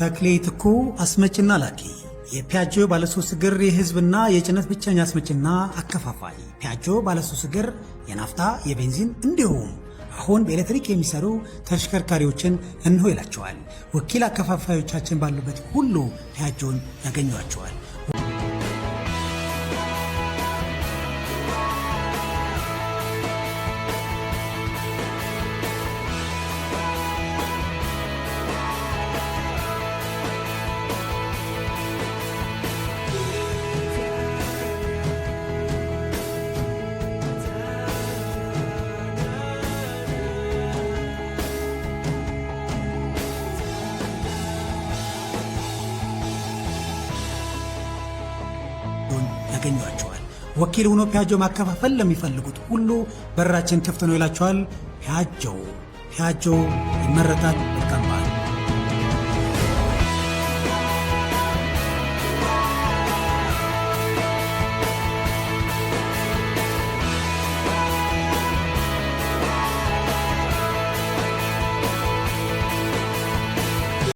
ተክሌ ትኩ አስመጭና ላኪ የፒያጆ ባለሶስት እግር የህዝብና የጭነት ብቸኛ አስመጭና አከፋፋይ። ፒያጆ ባለሶስት እግር የናፍታ የቤንዚን እንዲሁም አሁን በኤሌክትሪክ የሚሰሩ ተሽከርካሪዎችን እንሆ ይላቸዋል። ወኪል አከፋፋዮቻችን ባሉበት ሁሉ ፒያጆን ያገኟቸዋል። በጎን ያገኟቸዋል። ወኪል ሆኖ ፒያጆ ማከፋፈል ለሚፈልጉት ሁሉ በራችን ክፍት ነው ይላቸዋል። ፒያጆ ፒያጆ ይመረታል።